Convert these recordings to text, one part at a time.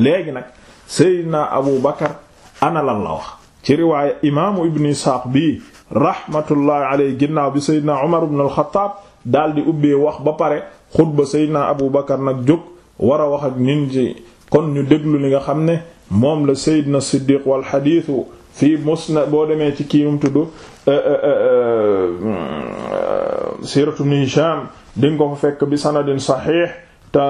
léegi nag Seydina Abu Bakar ana lan la wax ci riwaaya imaamu Ibn Isaaq ginnaaw bi Seydina Umar ibn al daal di ubbee wax ba pare xutba Seydina Abu Bakar nag jóg war a wax ak nit kon ñu déglu li nga xam ne moom la Seydina Siddiq wal xadiisu fii musnad boo demee ci kii mu tudd euh, euh, euh, siiratu Ibn Hishaam di fa fekk bi sanadin saxiix te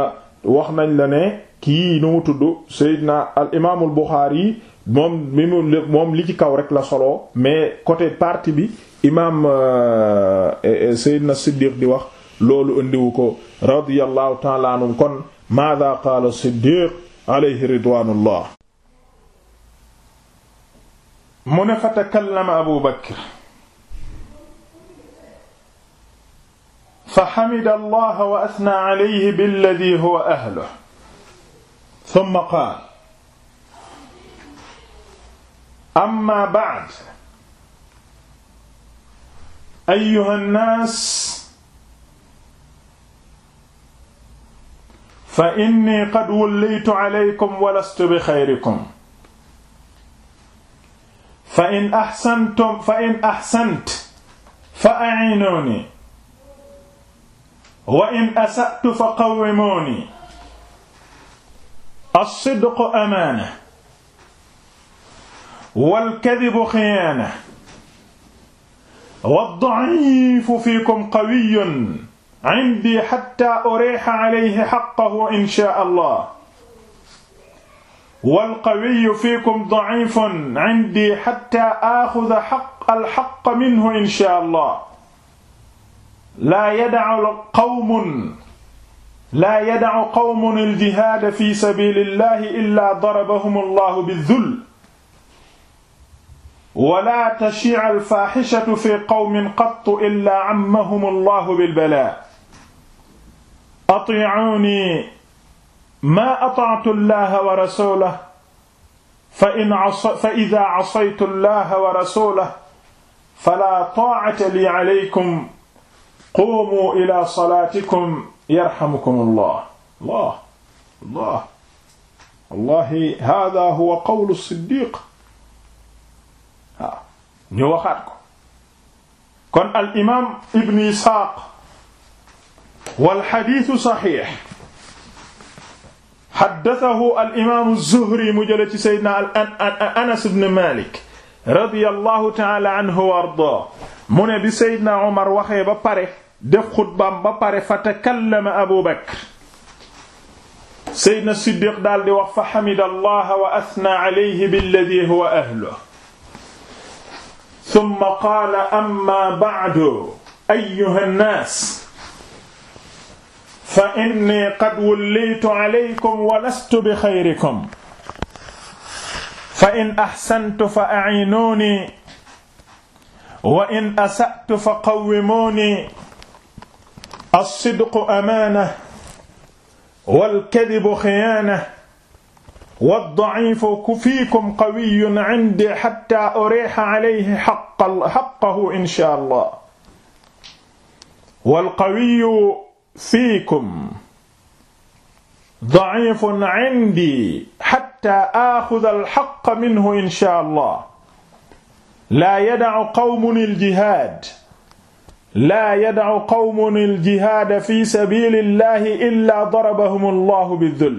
wax nañ la ne. kii nu mu tudd Seydina al imaamul Buxaari moom mi mu moom ci kaw rek la solo mais côté partie bi imaam euh, Seydina Siddiq di wax loolu indiwu ko radiyallahu ta'ala anhu kon maada qaala Siddiq alayhi ridwanullah mu ne fa takallama Abu Bakr fa hamida Allah wa athna alayhi billadhi huwa ahluhu thumma qaal amma ba'd ayyuha nnaas fa inni qad wullitu alaykum wa lastu bi xayrikum fa in ahsantum fa in ahsant fa a'iinuni wa in asa'tu fa qawwimuuni as-sidqu amaana wal-kadibu xiyaana wad-da'iifu fiikum qawiyyun 'indii hattaa uriiha 'alayhi haqqahu inshaa Allah wal-qawiyyu fiikum da'iifun 'indii hattaa aaxuda al-haqqa minhu inshaa Allah laa yada'u qawmun laa yada'u qawmun al-jihaada fi sabiilillahi illaa darabahum allahu bi-dhull wa laa tashi'a al-faahishatu fi qawmin qattu illaa 'ammahum allahu bil-balaa' atii'uunii maa ata'tu allaha wa rasuulahu fa in 'asaa fa idhaa 'asaytu allaha wa rasuulahu falaa taa'ata lii 'alaykum quumuu ilaa salaatikum yarhamukumullah allah allah wallahi hada huwa qawlu siddiq waaw ñu waxaat ko kon al imaam ibn isxaaq wal xadiisu saxiix xaddasahu al imaamu zuhri mu jële ci sayyidina anas ibn malik radiyallahu ta'ala anhu wa ardaa mu ne bi sayyidina umar waxee ba pare def xutbaam ba pare fa takallama abu bakr seydna siddiq daal di wax fa xamida allaha wa asna alayhi billadi huwa ahluhu summa qaala amma ba'du ayyuha nnaas fa inni qad wullitu alaykum wa lastu bi xayrikum fa in axsantu fa a'iinuuni wa in asa'tu fa qawwimuuni alsidqu amaana walkadibu xiyaana waddacifu fiikum qawiyun cindi xatta ureexa calayhi xaqahu inshaa allah walqawiyu fiikum dacifun cindi xatta aaxuda alxaqa minhu inshaa allah laa yadacu qawmun aljihaad laa yad'u qawmun al-jihaada fi sabiilillaahi illaa darabahum Allahu bi-dhull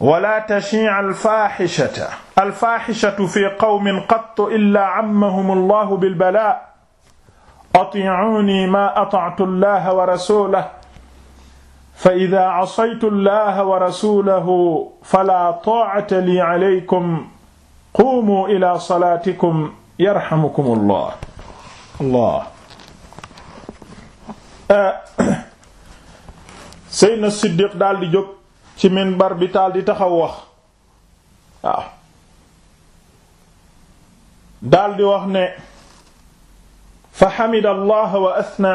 wala tashii' al-faahishata al-faahishatu fi qawmin qattu illaa 'ammahum Allahu bil-balaa atii'uunii maa ata'tu Allaha wa rasuulahu fa idaa 'asaytu Allaha wa rasuulahu falaa taa'ata lii 'alaykum quumuu ilaa salaatikum yarhamukum Allah Allah Eh, Seydina Siddiq daldi di jóg ci minbar bi daal di taxaw wax daldi wax ne fa xamida allah wa asna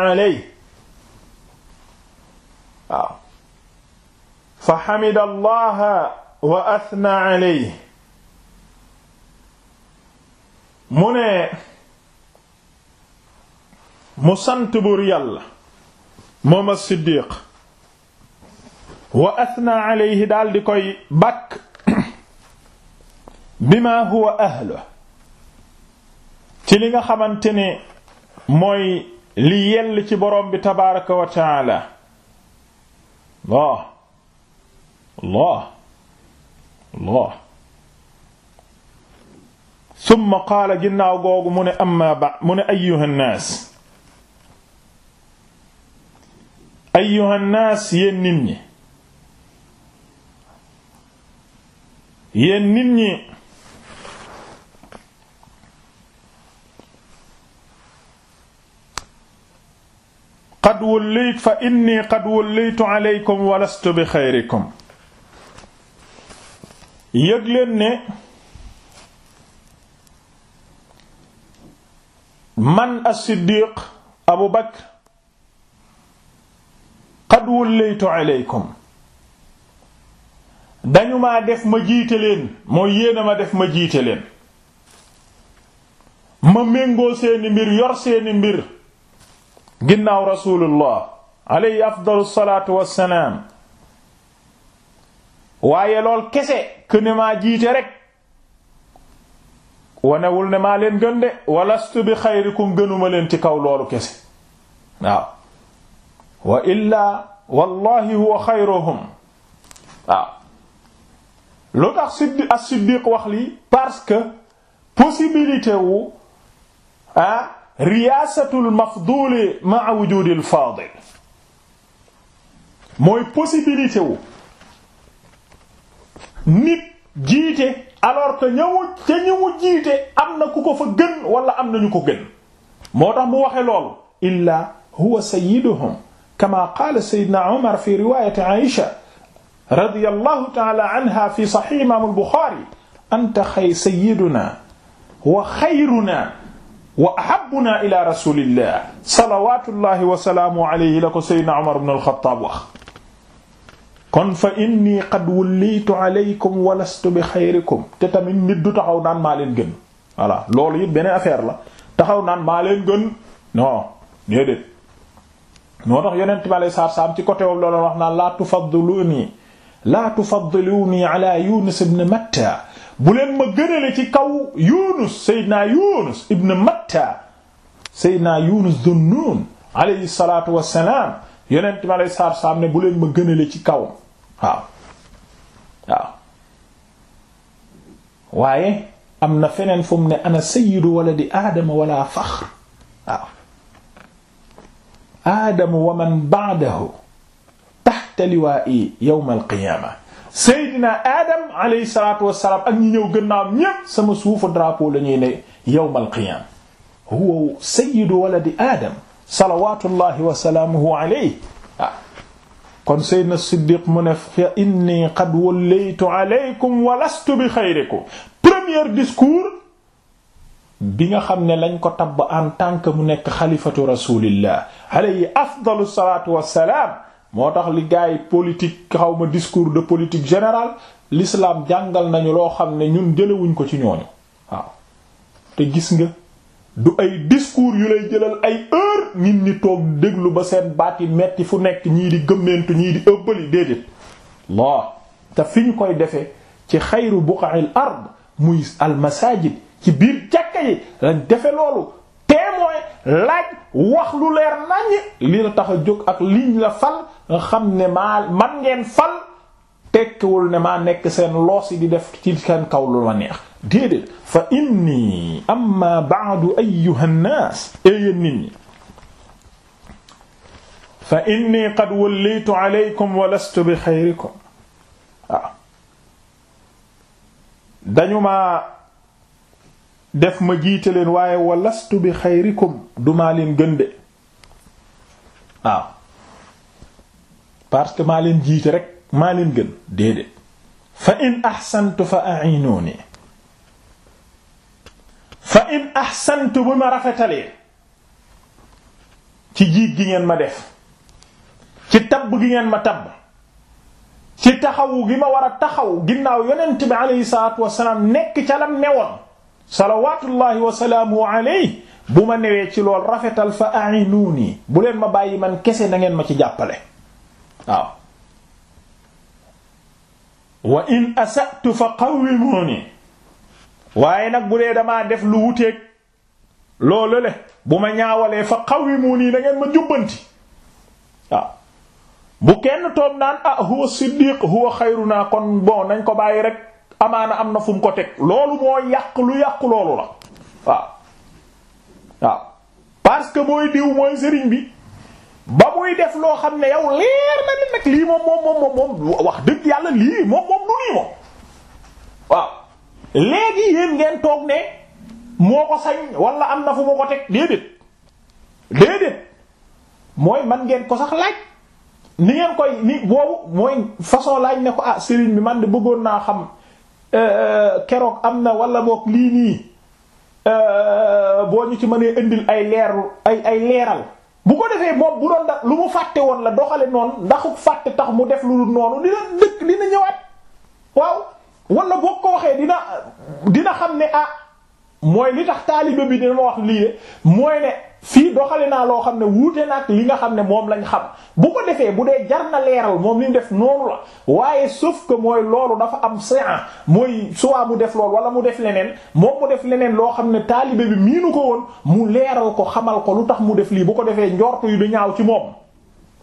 allah wa asna alayhi mu ne mu sant buur yàlla moom as-Siddiq wa athna alayhi daal di koy bàkk bima huwa ahlu ci li nga xamante ne mooy li yell ci borom bi tabaraka wa taala Allah Allah Allah summa qaala ginnaaw googu mu ne amma ba mu ne ayyuha nnaas ayyuha nnaas yéen nit ñi yéen nit ñi qad wallaytu fa inni qad wallaytu aleykum wa lastu bi xayrikum yëg leen ne man as-Siddiq Abu Bakr qad wallaytu alaykum dañu maa def ma jiite leen mooy yéena ma def ma jiite leen ma méngoo seeni mbir yor seeni mbir ginnaaw rasulullah alayhi afdalu salaatu wassalaam waaye lool kese que ma maa jiite rek wanewul ne maa leen gën de walastu bi xayrikum gënuma leen ci kaw loolu kese waaw wa illaa wallahi huwa xayruhum waaw lu tax siddi wax lii parce que possibilité wu ah riyaasatul mafduli ma'a wujudil faadil mooy possibilité wu nit jiite alors que ñëwu ca jiite am na ku ko fa gën wala am na ñu ko gën moo tax mu waxe loolu illa huwa sayyiduhum kama qaala Seydina Omar fi riwaayati Aïcha radiyallahu ta'ala anha fi sahih imaam al-Bukhari anta xay sayyiduna wa xayruna wa ahabbuna ila rasulillah salawatullahi wa salaamuhu alayhi la ko Seydina Omar ibn al-Khattab wax kon fa inni qad wullitu alaykum wa lastu bi xayrikum te tamit nit du taxaw naan maa leen gën voilà loolu it beneen affaire la taxaw naan maa leen gën non déedéet noo tax yonent bi alei saatu salaam ci côté boobu la doon wax naan laa tufaddiluni laa tufaddiluni ala yunus ibn matta bu leen ma gënale ci kaw yunus sayyidina yunus ibn matta sayyidina yunus dunnun alayhi salatu wassalam yonent bi alei ne bu leen ma gënale ci kaw waaw waaw waaye am na feneen fu mu ne ana sayyidu waladi aadama wala faxr aadamu wa man ba'dahu tahta liwaa'i yawmal qiyaama seydina aadam alayhi salaatu wassalaam ak ñi ñëw gënnaam ñépp sama suufu drapeau la ñuy ne yawmal qiyaama huwa sayyidu waladi aadam salawaatullahi wa salaamuhu alayhi ah. kon seydina siddiq mu ne fa inni qad wallaytu alaykum wa lastu bi xayrikum premier discours bi nga xam ne lañ ko tabb en tant que mu nekk xalifatu rasulillah alayhi afdalu salaatu wassalaam moo tax li gaay politique xaw ma discours de politique générale lislaam jàngal nañu loo xam ne ñun jëlewuñ ko ci ñooñu waaw te gis nga du ay discours yu lay jëlal ay heure nit ñi toog déglu ba seen baat yi metti fu nekk ñii di gëmmentu ñii di ëbbali déedéet laa te fi ñu koy defee ci xayru buqa'il ard muy al ci biir jàkka yi lañ defe loolu témoin laaj wax lu leer naññ li la tax a jóg ak liñ la fal nga xam ne maa man ngeen fal tekkiwul ne maa nekk seen loos yi di def ci seen kaw lu la neex déedéet fa inni amma ba'du ayyuha an-nas yéen nit ñi fa inni qad wallaytu alaykum wa lastu bi xayrikum dañu ma def ma jiite leen waaye walastu bi xayrikum dumaa leen gën de waaw parce que maa leen jiite rek maa leen gën déedéet fa in ahsantu fa a'inuni fa in ahsantu bu ma rafetalee ci jiit gi ngeen ma def ci tabb gi ngeen ma tabb ci taxawu gi ma war a taxaw ginnaaw yonent bi alayhi salaatu wasalaam nekk ca la newoon salawatullahi wa salaamu alayhi bu ma newee ci lool rafetal fa a'inuuni bu leen ma bàyyi man kese na ngeen ma ci jàppale waaw wa in asa'tu fa qawwimuuni waaye nag bu dee damaa def lu wuteeg loolu le bu ma ñaawalee fa qawwimuuni na ngeen ma jubbanti waaw bu kenn toog naan ah huwa siddiq huwa xayruna kon bon nañ ko bàyyi rek amaana am na fu mu ko teg loolu moo yàq lu yàq loolu la waaw waaw parce que mooy diw mooy sëriñ bi ba muy def loo xam ne yow leer na li nag lii moom moom moom wax dëgg yàlla lii moom moom du lii moom waaw léegi yéen ngeen toog ne moo ko sañ wala am na fu ma ko teg déedéet déedéet mooy man ngeen ko sax laaj ni ngeen koy ni boobu mooy façon laaj ne ko ah sëriñ bi man de bëggoon naa xam Euh, euh, keroog am na wala boog lii nii euh, boo ñu ci mënee indil ay leer ay ay leeral bu ko defee moom bu doon da lu mu fàtte woon la doxale noonu ndaxu fàtte tax mu def lu noonu dina dëkk dina ñëwaat waaw wala boo ko waxee dina dina xam ne ah mooy li tax taalibe bi dina ma wax lii de mooy ne fii doxale naa loo xam ne wuute nag li nga xam ne moom lañ xam bu ko defee bu dee jar na leeral moom li ñu def noonu la waaye sëf ko mooy loolu dafa am séance mooy soit mu def loolu wala mu def leneen moom mu def leneen loo xam ne taalibe bi miinu ko woon mu leeral ko xamal ko lu tax mu def lii bu ko defee njort yu du ñaaw ci moom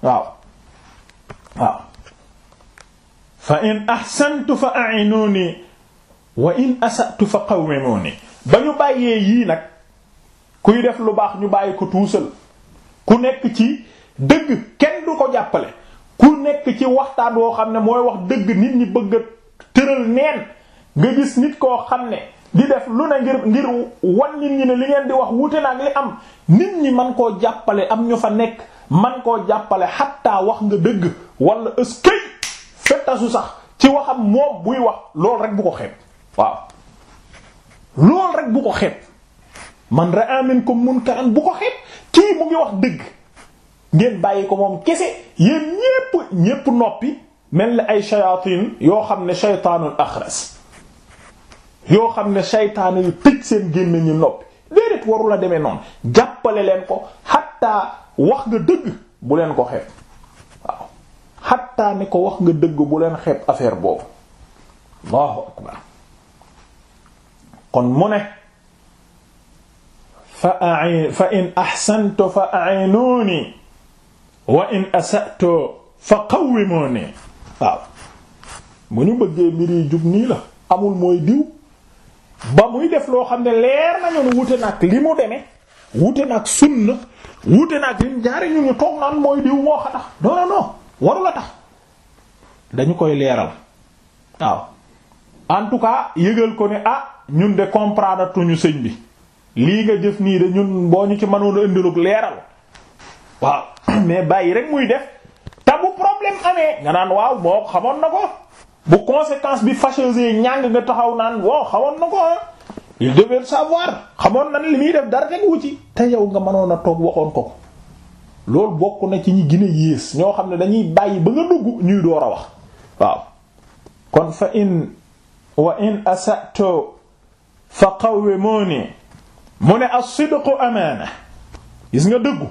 waaw waaw fa in ahsantu fa a'inuni wa in asa'tu fa qawwimuni ba ñu bàyyee yii nag kuy def lu baax ñu bàyyi ko tuusal ku nekk ci dëgg kenn du ko jàppale ku nekk ci waxtaan woo xam ne mooy wax dëgg nit ñi bëgg a tëral neen nga gis nit koo xam ne di def lu ne ngir ngir wan nit ñi ne li ngeen di wax wuute nag li am nit ñi man koo jàppale am ñu fa nekk man koo jàppale xattaa wax nga dëgg walla ëskëy fettasu sax ci waxam moom buy wax loolu rek bu ko xeeb waaw lool rek bu ko xeeb man ra'a minkum munkaran bu ko xeeb kii mu ngi wax dëgg ngeen bàyyi ko moom kese yéen ñépp ñépp noppi mel ni ay shayatin yoo xam ne shaytaanul axras yoo xam ne shaytaan yu tëj seen génne ñu noppi déedéet waru la demee noonu jàppale leen ko xatta wax nga leen ko xeeb waaw xatta ko wax nga dëgg bu leen xeeb affaire boobu allahu akbar kon mu ne fa ai fa in axsantu fa ainuuni wa in asa'tu fa qawwimuuni mu ñu bëggee mbir yi jub nii la amul mooy diw ba muy def loo xam ne leer nañu wute nag li mu demee wute nag sunna wute nag lim jaare ñu ñu toog naan mooy diw moo xa tax non non non tax dañu koy leeral waaw en tout cas yëgal ko ne ah ñun de comprendre tuñu sëñ bi lii nga jëf nii de ñun boo ñu ci mënoon a indilug leeral waaw mais bàyyi rek muy def te bu problème amee nga naan waaw moo xamoon na ko bu conséquence bi fâcheuse ñàng nga taxaw naan wow xamoon na ko il devait savoir xamoon na li muy def dara rek wu ci te yow nga mënoon a toog waxoon ko ko loolu bokk na ci ñi gën a yées ñoo xam ne dañuy bàyyi ba nga dugg ñuy door a wax waaw kon fa in wa in asa'tu fa qawwimuni mu ne as-sidqu amaana gis nga dëggu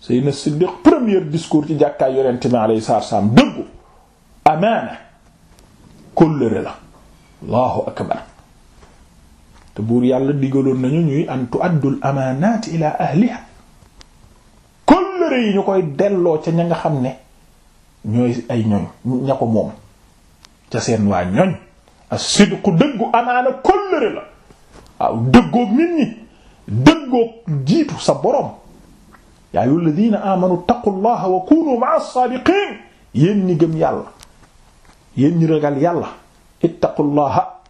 Seydina Siddiq premier discours ci jàkkaay yonent mi alayhi salaatu wa dëggu amaana kóllëre la allahu akbar te buur yàlla digaloon nañu ñuy an tu'addul amaanaat ila ahliha kóllëre yi ñu koy delloo ca ña nga xam ne ñooy ay ñoñ ña ko moom ca seen waa ñoñ as-sidqu dëggu amaana kóllëre la waaw dëggoog nit ñi dëggoog jiitu sa borom yaa ayyuha alladhina amanu taqullaha wa kunu ma'a as-sadiqin yéen ñi gëm yàlla yéen ñi ragal yàlla ittaqullaha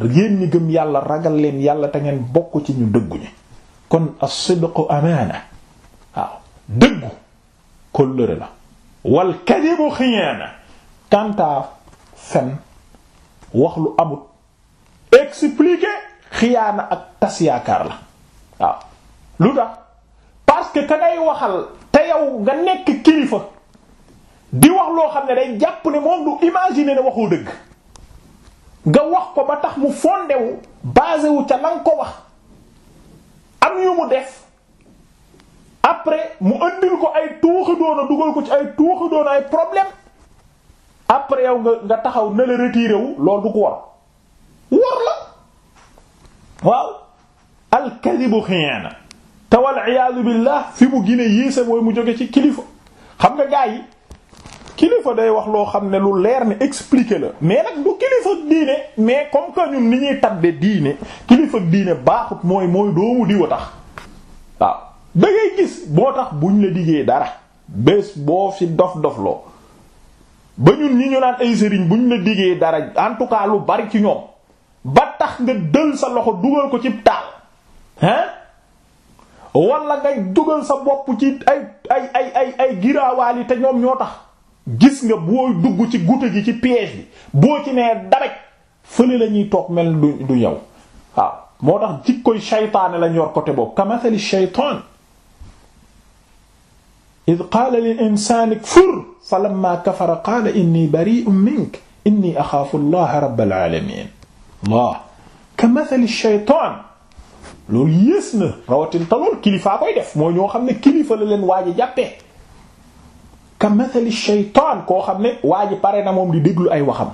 yéen ñi gëm yàlla ragal leen yàlla te ngeen bokk ci ñu dëggu ñi kon as-sidqu amaana waaw dëggu kóllëre la wal kadibu xiyaana kantaa fen wax lu amut expliquer xiyaana ak tas yaakaar la waaw lu tax parce que ka ngay waxal te yow nga nekk kilifa di wax loo xam ne day jàpp ne moom du imaginer ne waxoo dëgg nga wax ko ba tax mu fondewu wu basé ca la nga ko wax am yu mu def après mu andil ko ay tuuxi doona dugal ko ci ay tuuxi doona ay problème après yow nga nga taxaw na la retiré wu loolu du ko war war la waaw alkadibu xiyaana te wal iyaadu billah fi mu gine yéese mooy mu jóge ci kilifa xam nga gaa yi kilifa day wax loo xam ne lu leer ne explique la mais nag du kilifa diine mais comme que ni ñuy tabbe diine kilifa diine baaxut mooy mooy doomu diwa tax waaw da gis boo tax buñ la diggee dara bés boo fi dof dof loo ba ñun ñi ñu naan ay sëriñ bu ñu la diggee dara en tout cas lu bari ci ñoom ba tax nga dël sa loxo dugal ko ci taal hein wala ngay dugal sa bopp ci ay ay ay ay ay giraawaal yi te ñoom ñoo tax gis nga boo dugg ci gute gi ci piège bi boo ci nee dabaj fële la ñuy toog mel du du ñëw waaw moo tax jikkoy saytaane lañ yor côté boobu kamasali saytaan id qaala lil insaani kfur falamma kafara qaala inni bari'un minka inni axaafu allaha rabbal aalamiin Allah ka mathali shaytaan loolu yées na rawatin te lool kilifaa koy def mooy ñoo xam ne kilifa la leen waaji jàppee ka mathali shaytaan koo xam ne waaji pare na moom di déglu ay waxam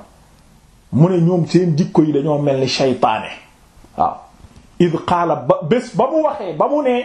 mu ne ñoom seen jikko yi dañoo mel ni shaytaane waaw id qaala ba bés ba mu waxee ba mu nee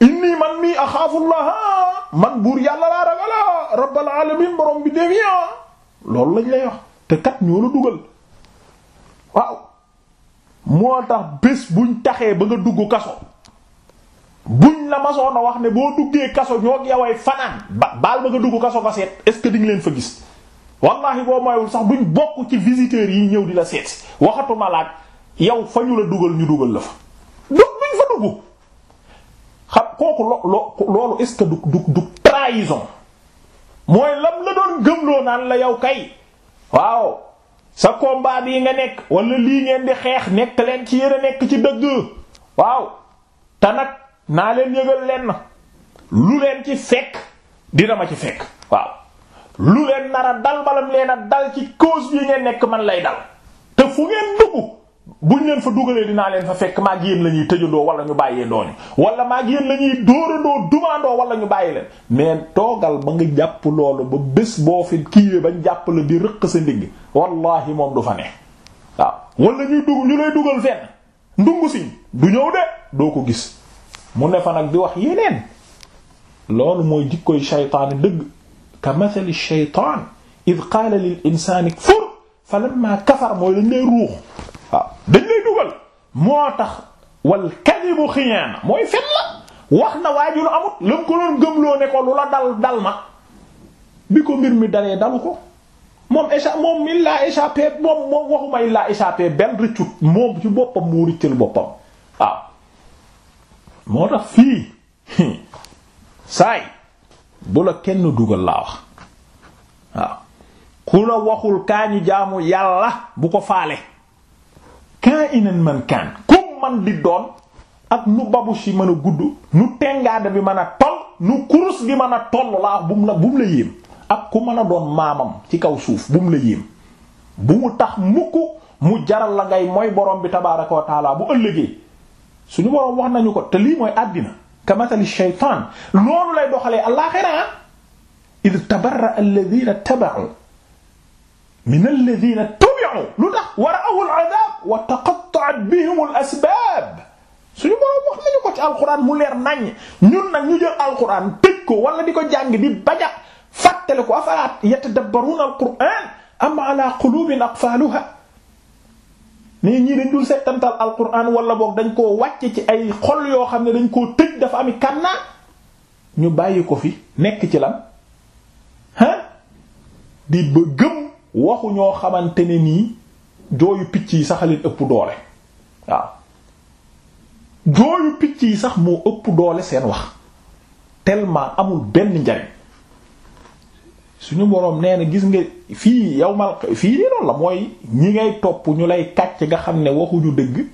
inni man mii axaafullaha man buur yàlla laa ragala rabbal alamin borom bi dem loolu lañ lay wax te kat ñoo la dugal waaw moo tax bés buñ taxee ba nga dugg kaso buñ la masoon a wax ne boo duggee kaso ñoo yaway fanaan ba baal ba nga dugg kaso fa seet est-ce que di nga leen fa gis wallahi boo mayul sax duñ bokk ci visiteur yi ñëw di la seet waxatuma laaj yow fa ñu la dugal ñu dugal la fa donc duñ fa dugg xam kooku lo loo loolu est-ce que du du du trahison mooy lam la doon gëmloo naan la yow kay waaw sa combat bii nga nekk wala lii ngeen di xeex nekk leen ci yére nekk ci dëgg waaw te nag naa leen yëgal leen na lu leen ci fekk dina ma ci fekk waaw lu leen nar dal balam leen a dal ci cause bi ngeen nekk man lay dal te fu ngeen dugg bu buñ leen fa dugalee dinaa leen fa fekk maag yéen la ñuy tëjandoo wala ñu bàyyee ndooñu wala maag yéen la ñuy dóorandoo dumaandoo wala ñu bàyyi leen mais toogal ba nga jàpp loolu ba bés boo fi kiiwee bañ jàpp la di rëq sa ndigg wallahi moom du fa ne waaw wala ñuy dug ñu lay dugal fenn ndungu siñ du ñëw de doo ko gis mu ne fa nag di wax yeneen loolu mooy jikkoy shaytaani dëgg ka mathali shaytaan id qaala lil insaani kfur fa lamma kafar mooy lañ lay ruux moo tax wal kadibu xiyaana mooy fen la wax na waa lu amut la ko doon gëmloo ne ko la dal dal ma bi ko mbir mi dalee dalu ko moom écha moom il laa échappé moom moom waxuma il laa benn rëccut moom ci boppam moo rëccal boppam waaw moo tax fii saay bu la kenn dugal laa wax waaw ku la waxul kaa ñu jaamu yàlla bu ko faale kaa'inan man kaan kum man di doon ak nu babush yi mën a gudd nu tengaada bi mën a toll nu kurus gi mën a toll laa bu mu la bu mu ak ku mën a doon maamam ci kaw suuf bu mu la yéem bu mu tax mukk mu jaral la ngay mooy borom bi tabaaraka wa taala bu ëllëgee suñu borom wax nañu ko te lii mooy àddina kamatali shaytaan loolu lay doxalee allaaxira id tabarra alladhina wa taqatta'at bihim al asbaab suñu boroom wax nañu ko ci alquran mu leer naññ ñun nag ñu jël alquran tëj ko wala di ko jàng di bajax fàttali ko afala yatadabbaruuna alquran am ala quluubin aqfaaluha nii ñii dañ dul settantal alquran wala boog dañ koo wàccee ci ay xol yoo xam ne dañ koo tëj dafa ami kannaa ñu bàyyi ko fi nekk ci lan ah di ba waxu ñoo xamante ne nii jooyu picc yi sax a leen ëpp doole waaw jooyu picc yi sax moo ëpp doole seen wax tellement amul benn njariñ suñu boroom nee na gis nga fii yow mal fii nii loolu la mooy ñi ngay topp ñu lay kàcc nga xam ne waxuñu dëgg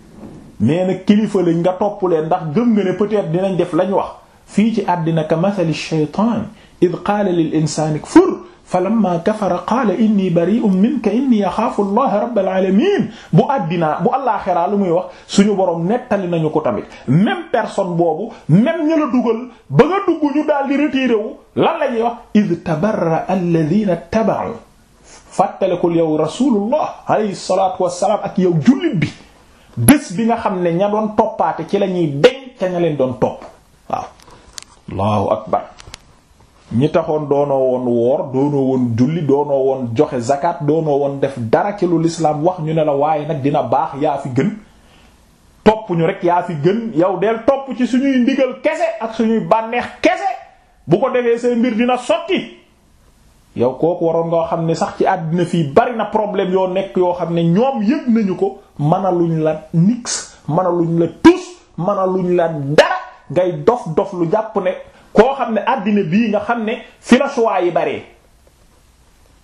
nee na kilifa lañ nga topp leen ndax gëm nga ne peut-être dinañ def lañ wax fii ci àddina ka masali shaytaan id qaala lil insaani kfur falamma kafara qaala inni bari'un minka inni axaafu allaha rabbal alamin bu addina bu àllaaxiraa lu muy wax suñu borom nettali nañu ko tamit même personne boobu même ñu la dugal ba nga dugg ñu daal di retiré wu lan la ñuy wax id tabarra alladina taba'u fàttalikul yow rasulullah alayhi salatu ak yow jullit bi bés bi nga xam ne ña doon toppaate ci la ñuy deñ ca ña leen doon topp waaw akbar ñi taxoon doonoo woon woor doonoo woon julli doonoo woon joxe zakat doonoo woon def dara ci lu lislaam wax ñu ne la waaye nag dina baax yaa fi gën topp ñu rek yaa fi gën yow del topp ci suñuy ndigal kese ak suñuy bànneex kese bu ko defee say mbir dina sotti yow kooku waroon nga xam ne sax ci àddina fii bari na problème yoo nekk yoo xam ne ñoom yëg nañu ko mënaluñ la nix mënaluñ la tus mënaluñ la dara ngay dof dof lu jàpp ne koo xam ne àddina bii nga xam ne fi la choix yi baree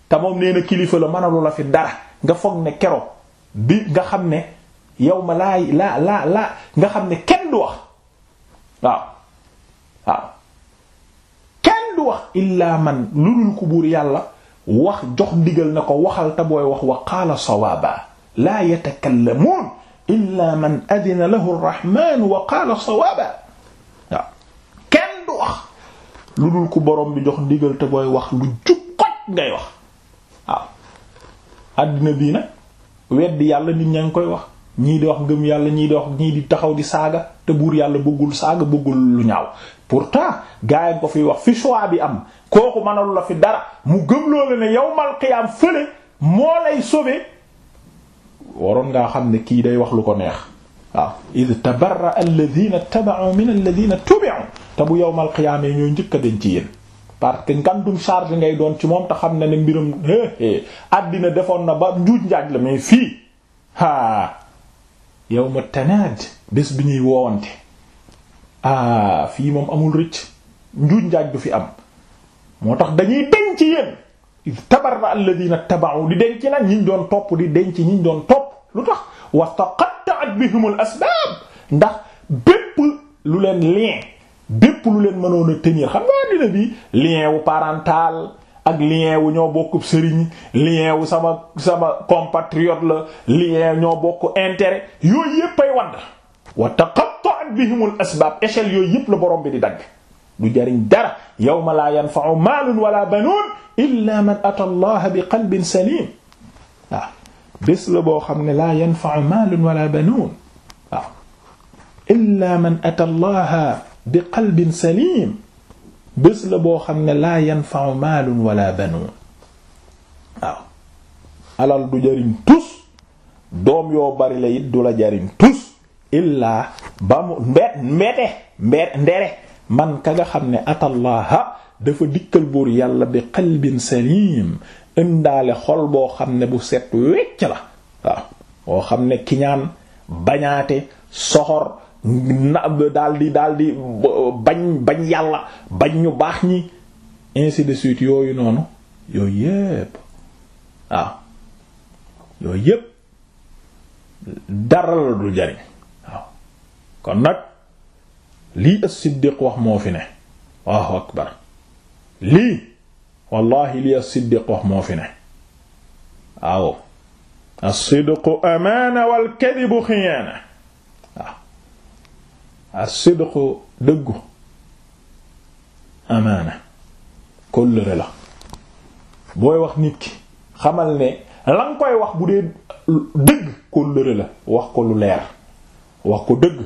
te moom nee na kilifa la mënalu la fi dara nga foog ne keroog bi nga xam ne yow ma laa laa laa nga xam ne kenn du wax waaw kenn du wax illaa man lu dul ku buur yàlla wax jox ndigal na ko waxal te booy wax wa qaala sawaaba laa yatakallamuun illaa man adina lahu arrahman wa qaala sawaaba lu dul ku borom bi jox ndigal te booy wax lu jub ngay wax waaw àddina bii nag weddi yàlla nit ñaa ngi koy wax ñii di wax gëm yàlla ñii di wax ñii di taxaw di saaga te buur yàlla bëggul saaga bëggul lu ñaaw pourtant gaa yi ko fi wax fi choix bi am kooku mënalu la fi dara mu gëm loolu ne yawmal qiyaam fële moo lay sauver waroon ngaa xam ne kii day wax lu ko neex waaw id tabarra alladina taba'u min alladina tubi'u te bu yowmal qiyaama ñooy njëkk a denc yéen parce que ngandum charge ngay doon ci moom te xam ne ne mbirum éé àddina defoon na ba njuuj njaaj la mais fii haa yawma tanaad bés bi ñuy woowante ah fii moom amul rëcc njuuj njaaj du fi am moo tax dañuy denc yéen id tabarra alladina taba'u di denc nag ñiñ doon topp di denc ñiñ doon topp lu tax wastaqat bihumul asbaab ndax bépp lu lien lu leen mënoon a tenir lien wu parental ak lien wu ñoo bokk sëriñ lien wu sama sama la lien ñoo bokk intérêt yooyu yépp ay wadd wa taqatta'at bihimul asbaab échelle yooyu yépp la borom bi di dagg du jariñ dara yawma la yanfa'u maalun wala banuun illa man ata allah bi qalbin salim bés la boo xam ne laa yanfa'u maalun wala banuun bés la boo xam ne laa yanfa'u maalun wala banuun alal du jariñ tus doom yoo bari la it du la jariñ tus illaa ba mu mbet mbete ndere man ka nga xam ne atallaha dafa dikkal buur yàlla bi qalbin salim indaale xol boo xam ne bu set wecc la waaw boo xam ne kiñaan bañaate soxor na daldi daldi bañ bañ yàlla bañ ñu baax ñi ainsi de suite yooyu noonu yooyu yépp waaw yooyu yépp dara la dul jariñ waaw kon nag lii as-Siddiq wax moo fi ne waaw akbar lii wallahi li as-siddiqu moo fi na waaw as-sidqu amaana wal kadibu xiyaana waaw as-sidqu dëggu amaana kóllëre la booy wax nit ki xamal ne la koy wax bu dee dëgg kóllëre la wax ko lu leer wax ko dëgg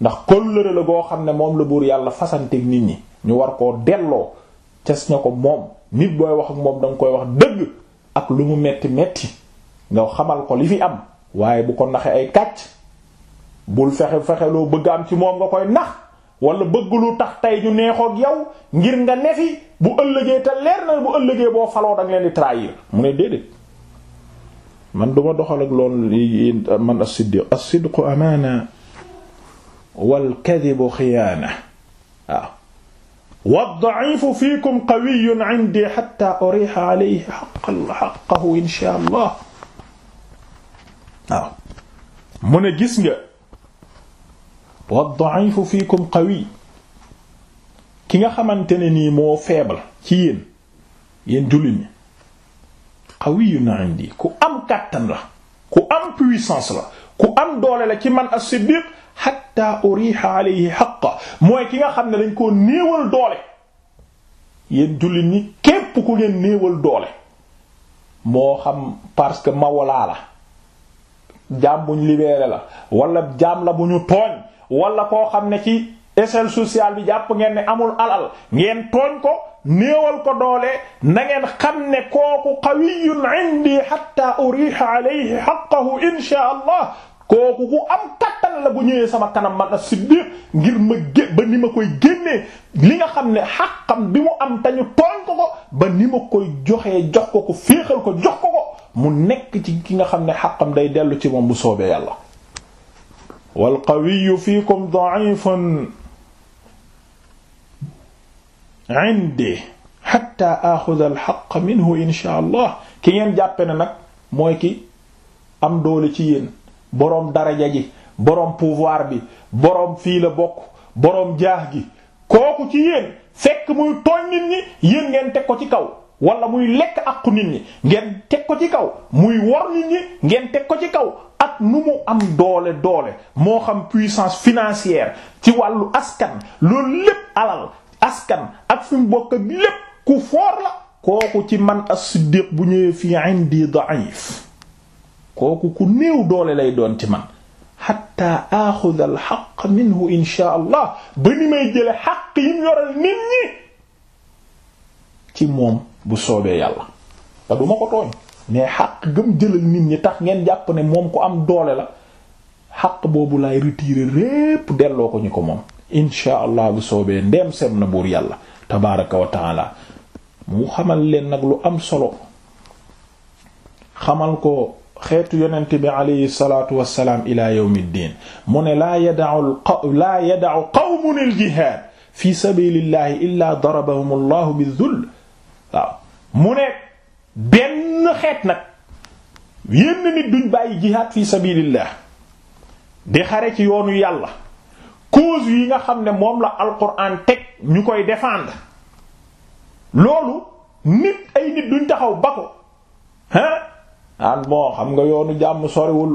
ndax kóllëre la goo xam ne moom la buur yàlla fasanteeg nit ñi ñu war koo delloo ca ña ko moom nit booy wax ak moom danga koy wax dëgg ak lu mu metti metti nga xamal ko li fi am waaye bu ko naxee ay kàcc bul fexe fexe loo bëgg am ci moom nga koy nax wala bëgg lu tax tey ñu neexoog yaw ngir nga nefi bu ëllëgee te leer na bu ëllëgee boo faloo da nga leen di trahir mu ne déedéet man duma doxal ak loolu man as-siddiq a sidqu amaana wal kadhibu waaw wad-da'ifu fiikum qawiyyun 'indi hatta uriha 'alayhi haqqahu insha Allah waaw mu ne gis nga wad-da'ifu fiikum qawiy ki nga xamante ne nii moo faible ci yéen yéen jullit ñi qawiyyun 'indi ku am kàttan la ku am puissance la ku am doole la ci man as-Siddiq hatta uriha alayhi haqqa mooy ki nga xam ne dañ koo néewal doole yéen jullit ñi képp ku ngeen néewal doole moo xam parce que mawlaa la jaam bu ñu libéré la wala jaam la bu tooñ wala koo xam ne ci échelle sociale bi jàpp ngeen ne amul alal ngeen tooñ ko néewal ko doole na xam ne kooku qawiyun indi hatta uriha alayhi haqqahu insha allah kooku ku am kattan la bu ñëwee sama kanam man a siddiq ngir ma gé ba ni ma koy génnee li nga xam ne xàqam bi mu am te ñu tooñ ba ni ma koy joxe jox ko ko féexal ko jox ko mu nekk ci ki nga xam ne xàqam day dellu ci moom bu soobee yàlla wal qawiyyu fiikum da'ifun indi hatta ki ngeen jàppe ne nag mooy ki am doole ci yéen boroom daraja ji boroom pouvoir bi boroom fii la bokk boroom jaax gi kooku ci yéen fekk muy tooñ nit ñi yéen ngeen teg ko ci kaw wala muy lekk àqu nit ñi ngeen teg ko ci kaw muy wor nit ñi ngeen teg ko ci kaw ak nu mu am doole doole moo xam puissance financière ci wàllu askan loolu lépp alal askan ak fi mu bokk ak lépp ku foor la kooku ci man a siddiq bu ñëwee fii indi da'if kooku ku néew doole lay doon ci man xatta axuda al xaq minhu insha allah ba ni may jële xaq yi mu yoral nit ñi ci moom bu soobee yàlla te duma ko tooñ mais xaq gëm jëlal nit ñi tax ngeen jàpp ne moom ku am doole la xaq boobu laay retirer répp delloo ko ñu ko moom insha bu soobee ndeem sem na buur yàlla tabaraka wa taala mu xamal leen nag lu am solo xamal ko xeetu yonent bi alayhi salaatu wassalaam ila yawmiddin mu ne laa yada'u laa yada'u qawmun al mu ne benn xeet nag yenn nit duñ bàyyi di xare ci yoonu yàlla cause yi nga xam ne moom la alquran teg ñu koy défendre loolu nit ay nit duñ taxaw ba ko ah an bon xam nga yoonu jàmm soriwul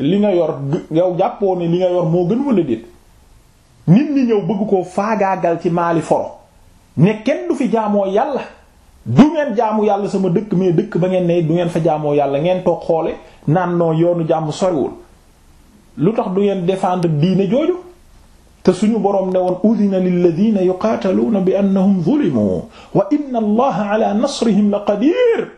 li nga yor yow jàppoo ni li nga yor moo gën wala déet nit ñi ñëw bëgg koo faagaagal ci maali foro ne kenn du fi jaamoo yàlla du ngeen jaamu yàlla sama dëkk mais dëkk ba ngeen ne du ngeen fa jaamoo yàlla ngeen toog xoole naan noo yoonu jàmm soriwul lu tax du ngeen défendre diine jooju te suñu boroom ne woon udina lilladina yuqaataluuna bi annahum zulimu wa inna allaha ala nasrihim la qadir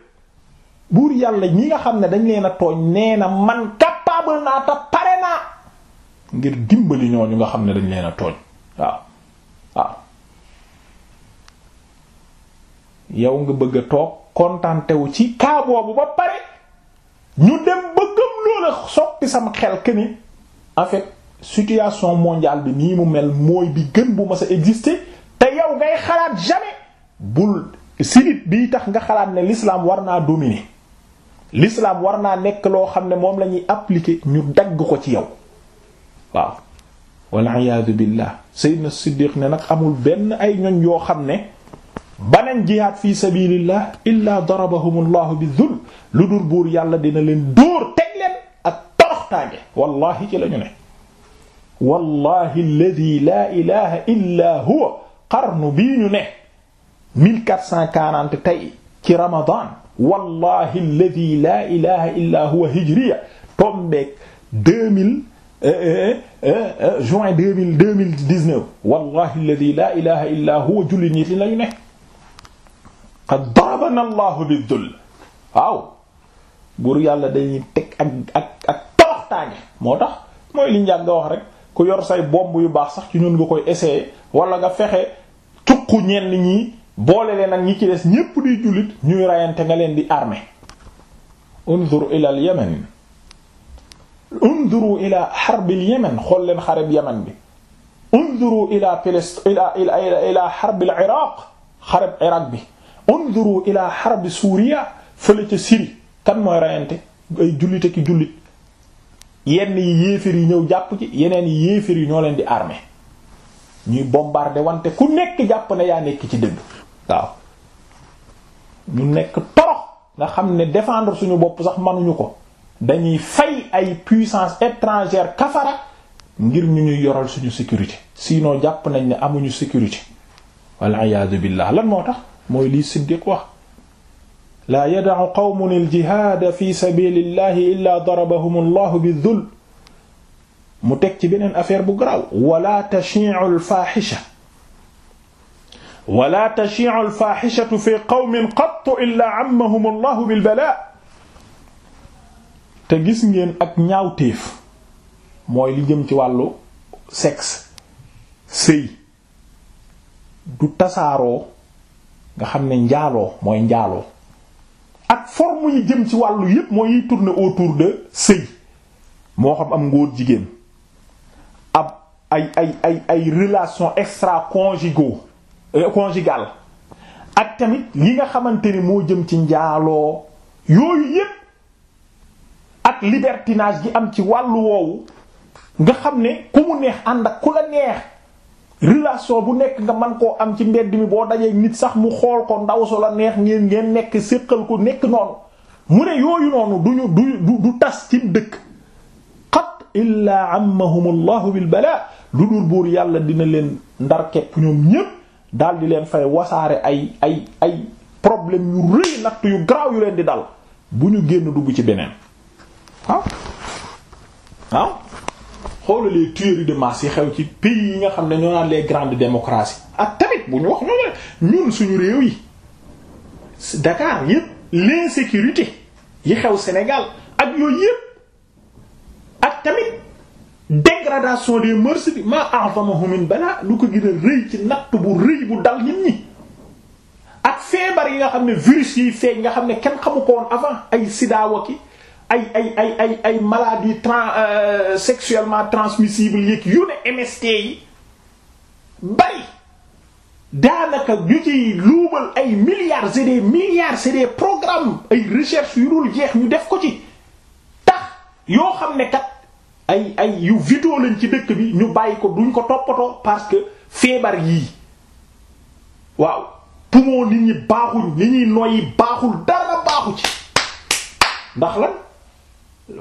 buur yàlla ñi nga xam ne dañ leen a tooñ nee na man capable naa ta pare naa ngir dimbali ñooñu nga xam ne dañ leen a tooñ waaw waaw yow nga bëgg a toog contenté ci cas bu ba pare ñu dem bëggam loola soppi sama xel que ni en fait bi nii mu mel mooy bi gën bu ma sa exister te yow ngay xalaat jamais bul sidit bi tax nga xalaat ne lislaam war naa dominer lislaam war naa nekk loo xam ne moom lañuy ñuy ñu dagg ko ci yow waaw waliyasu billah sayyidna siddiq ne nag amul benn ay ñoñ yoo xam ne banañ jihaad fi sabilillah illaa darabahum allahu bi zul lu dul buur yàlla dina leen dóor teg leen ak toroxtaange wallahi ci la ñu ne wallahi alladi laa huwa qarnu bii ñu ne 1440 tey ci ramadan wallahi alladi la ilaha illa huwa hijriya tombeeg 2000 euh, euh, euh, juin 2000 2019 wallahi alladi la ilaha illa huwa julli nit ñi lañu ne qad darabana allahu bi dull waaw buur yàlla dañuy teg ak ak ak toroxtaange moo tax mooy liñ njàng nga wax rek ku yor say bomb yu baax sax ci ñun nga koy essayer wala nga fexe cuq ñenn ñi boole leen ak ñi ci des ñépp di jullit ñuy rayante nga leen di armée unzur ila al yaman unzuru ila xarbil yemen xool leen xareb yemen bi unzuru ila palestine ila ila ila xarbil iraq xareb iraq bi unzuru ila xarbi suuriya fële ci Syrie kan mooy rayante ay jullit ak jullit yenn yi yéeféer ñëw jàpp ci yeneen yi yéeféer yi ñoo leen di armée ñuy bombarder wante ku nekk jàpp ne yaa nekki ci dëgg waaw ñu nekk torox nga xam ne défendre suñu bopp sax mënuñu ko dañuy fay ay puissance étrangère kafara ngir ñu ñuy yoral suñu sécurité sino jàpp nañ ne amuñu sécurité wala iyaadu billah lan moo tax mooy lii Siddiq wax laa yada'u qawmun al-jihaada fi sabilillahi illa darabahum allahu bi-dhul mu teg ci beneen affaire bu garaaw wala tashi'u al wala tashi'u al fi qawmin qattu illaa ammahum allahu bil balaa te gis ngeen ak ñaawteef mooy li jëm ci wàllu sexe sëy du tasaaroo nga xam ne njaaloo mooy njaaloo ak forme yi jëm ci wàllu yépp mooy yiy tourner autour de sëy moo xam am ngóor jigéen ab ay ay ay ay relation extra conjugaux Euh, conjugal ak tamit li nga xamante ni moo jëm ci njaaloo yooyu yépp ak libertinage gi am ci wàllu woowu nga xam ne ku mu neex ànd ak ku la neex relation bu nekk nga man koo am ci mbedd mi boo dajee nit sax mu xool ko ndaw su la neex ngeen ngeen nekk séqal ko nekk noonu mu ne yooyu noonu duñu du du tas ci dëkk qat illaa ammahum allahu bil bala lu dul buur yàlla dina leen ndar kepp ñoom ñépp daal di leen fay wasaare ay ay ay problème yu rëy natt yu garaaw yu leen di dal bu ñu génn dugg ci beneen waaw ah? ah? waaw xoolal les de masse yi xew ci pays yi nga xam ne ñoo naan les grandes démocraties ak tamit bu ñu wax ñoo ñun suñu réew yi Dakar yépp l'insécurité yi xew Sénégal ak yooyu yépp ak tamit dégradation des mœurs bi ma a'zamahu min bala lu ko gën a rëy ci natt bu rëy bu dal nit ñi ak feebar yi nga xam ne virus yi feeñ nga xam ne kenn xamu ko woon avant ay sida waki ay ay ay ay ay maladies trans euh, sexuellement transmissibles yeeg yu ne MST yi bari daanaka yu ci luubal ay milliards et des milliards c'est des programmes ay recherches yu dul jeex ñu def ko ci tax yoo xam ne kat. ay ay yu vitaux lañ ci dëkk bi ñu bàyyi ko duñ ko toppatoo parce que feebar yii waaw poumon nit ñi baaxuñ nit ñuy noyyi baaxul dara baaxu ci ndax lan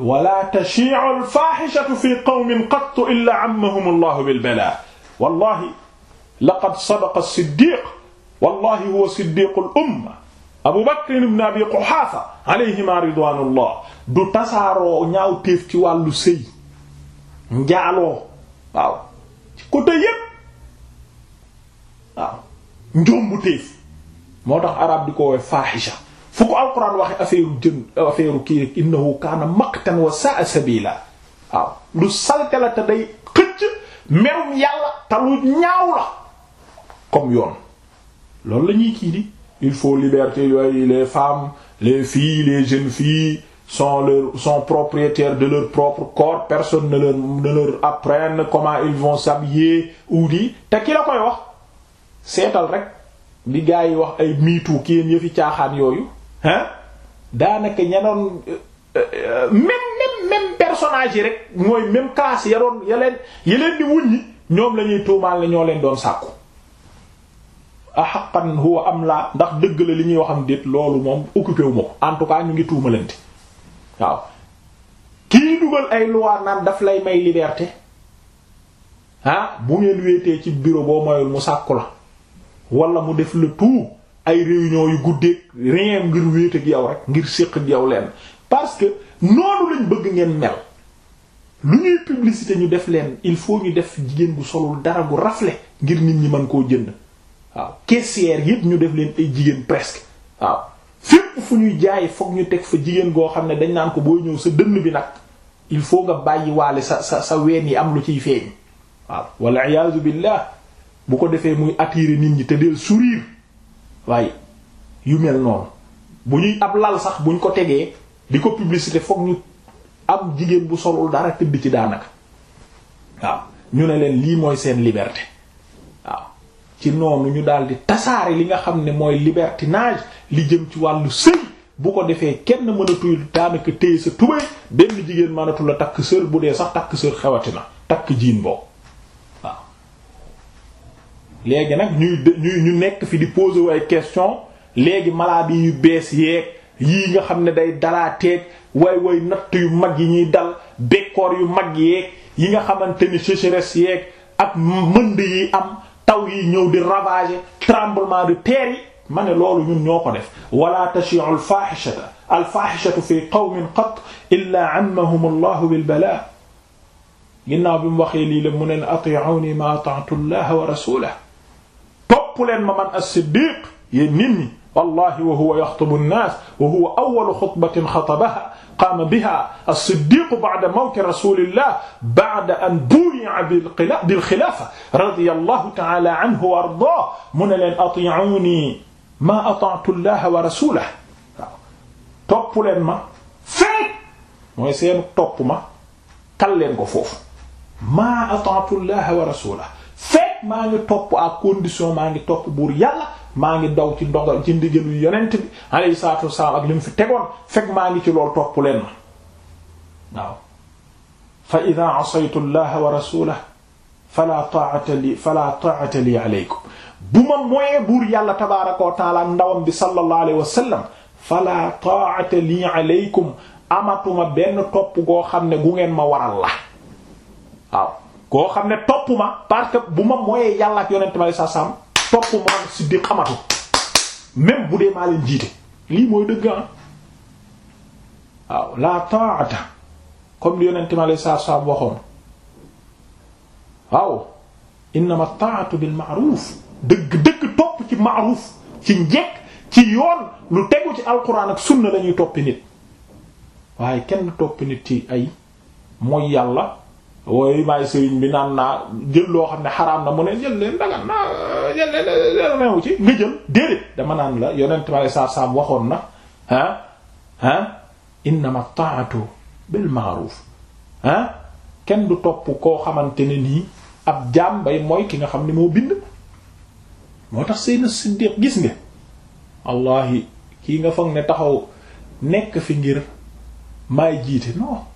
wala tashi'u al-fahishatu fi qawmin qattu illa ammahum Allah bil bala wallahi laqad sadaqa as-siddiq wallahi huwa siddiqul umma Abu Bakr ibn Abi Quhafa alayhima ridwanullah du tasaaroo ñaaw téef ci wàllu sëy njaaloo waaw ci côté yépp waaw njombu moo tax arab di ko woowe faaxisha fu ko alquran waxe affaire jën affaire kii rek innahu kaana maqtan wa sa'a sabila waaw lu salte la te day xëcc merum yàlla te lu ñaaw la comme yoon loolu la kii di il faut liberté yooyu les femmes les filles les jeunes filles sont leur sont propriétaires de leur propre corps personne ne leur ne leur apprenne comment ils vont s'habiller ou di te ki la koy wax seetal rek di gars yi wax ay miitu kii yëfi caaxaan yooyu hein daanaka ña doon euh, euh, même même personnage yi rek mooy même classe ya doon ya leen ya leen di wuññi ñoom la ñuy tuumaal ne ñoo leen doon sàkku ahaqqan huwa am laa ndax dëgg la li ñuy waxam déet loolu moom occupé wu ma ko en ñu ngi tuumalante waaw kii dugal ay loi naan daf lay may liberté ah bu ngeen wéetee ci bureau boo moyul mu sàkku la wala mu def le tout ay réunion yu guddeeg rien ngir wéet ak yow rek ngir séq ak yow leen parce que noonu lañ bëgg ngeen mel lu ñuy publicité ñu def leen il faut ñu def jigéen gu solul dara gu rafle ngir nit ñi mën koo jënd waaw caissière yépp ñu def leen ay jigéen presque waaw fépp fu ñuy jaay foog ñu teg fa jigéen goo xam ne dañ naan ko booy ñëw sa dënn bi nag il faut nga bàyyi waale sa sa sa ween yi am lu ciy feeñ waaw walla iyaazu billaah bu ko defee muy attirer nit ñi te deel sourire waaye yu mel noonu bu ñuy ab lal sax buñ ko tegee di ko publicité foog ñu am jigéen bu solul dara tëdd ci daanaka waaw ñu ne leen lii mooy seen liberté ci noonu ñu daal di tasaare li nga xam ne mooy libertinage li jëm ci wàllu sëy bu ko defee kenn mënatul daanaka téye sa tubéy benn jigéen mënatul a takk sër bu dee sax takk sër xewati takk jiin boobu waaw. léegi nag ñuy ñu nekk fi di poser way question léegi maladie yu bees yeeg yi nga xam ne day dalaateeg way way natt yu mag yi ñuy dal bekkoor yu mag yeeg yi nga xamante ni sécheresse yeeg ak mënd yi am. taw yi ñëw di ravager tremblement de terre yi ma ne loolu ñun ñoo ko def wala tashi'u al-fahishata al-fahishatu fi qawmin qat illa ammahum Allah bil bala ginnaaw bi mu waxee lii la mu neen ati'uni ma ata'tu Allah wa rasulahu topp leen ma man as-siddiq yéen nit wallahi wa huwa yaxtubu nnaas wa huwa awwalu xutbatin xatabaha qaama biha as-siddiqu ba'da mawti rasulillah ba'da an buyi'a bil xilaafa radiyallahu ta'ala anhu wa ardaahu mu ne leen ati'uuni maa ata'tu llaha wa rasulahu waaw topp leen ma fekk mooy seen topp ma tal leen ko foofu maa ata'tu llaha wa rasulahu fekk maa ngi topp à condition maa ngi topp buur yàlla maa ngi daw ci dogal ci ndigalu yonent bi alayhi salaatu wassalaam li mu fi tegoon fekk maa ngi ci lool topp leen ma waaw fa idaa asaytu allaha wa rasulahu fala ta'ata li buur yàlla tabaaraka taala ndawam bi sallallahu alayhi wa benn topp goo xam ne gu ngeen ma waral la waaw goo xam ne topp ma bu ma moyee yàlla ak yonent ma sallallahu alayhi topp Umar Siddiq xamatu même bu dee maa leen jiite lii mooy dëgg ah waaw la ta'ata comme li yonent ma lay saab saab waxoon waaw innama ta'atu bil ma'ruf dëgg-dëgg topp ci ma'ruf ci njekk ci yoon lu tegu ci alquran ak sunna lañuy toppi nit waaye kenn toppi nit ci ay mooy yàlla wooy maay sëriñ bi naan naa jël loo xam ne xaraam na mu ne jël leen dagan naa jël leen neewu ci nga jël déedéet dama naan la yonent ma lay saar-saam waxoon na ah ah innama taatu bil ma'ruf ah kenn du topp koo xamante ne nii ab jaam bay mooy ki nga xam ne moo bind moo tax Seydina Siddiq gis nga wallahi kii nga foog ne taxaw nekk fi ngir maay jiite non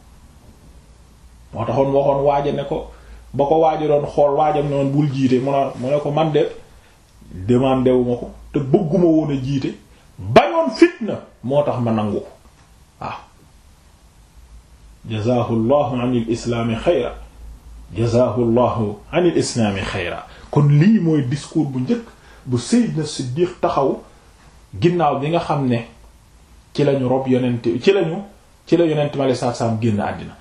moo taxoon waxoon waaja ne ko ba ko waaja doon xool waajam ne woon bul jiite mu ne ne ko man de demandé wu ko te bëgguma woon a jiite bañoon fitna moo tax ma nangu ko waaw ah. jazaahu llahu an il islaami xayra jazaahu llahu an il islaami kon lii mooy discours bu njëkk bu Seydina Siddiq taxaw ginnaaw bi nga xam ne ci lañu rob yonent ci lañu ci la yonent ma lay saab génn àddina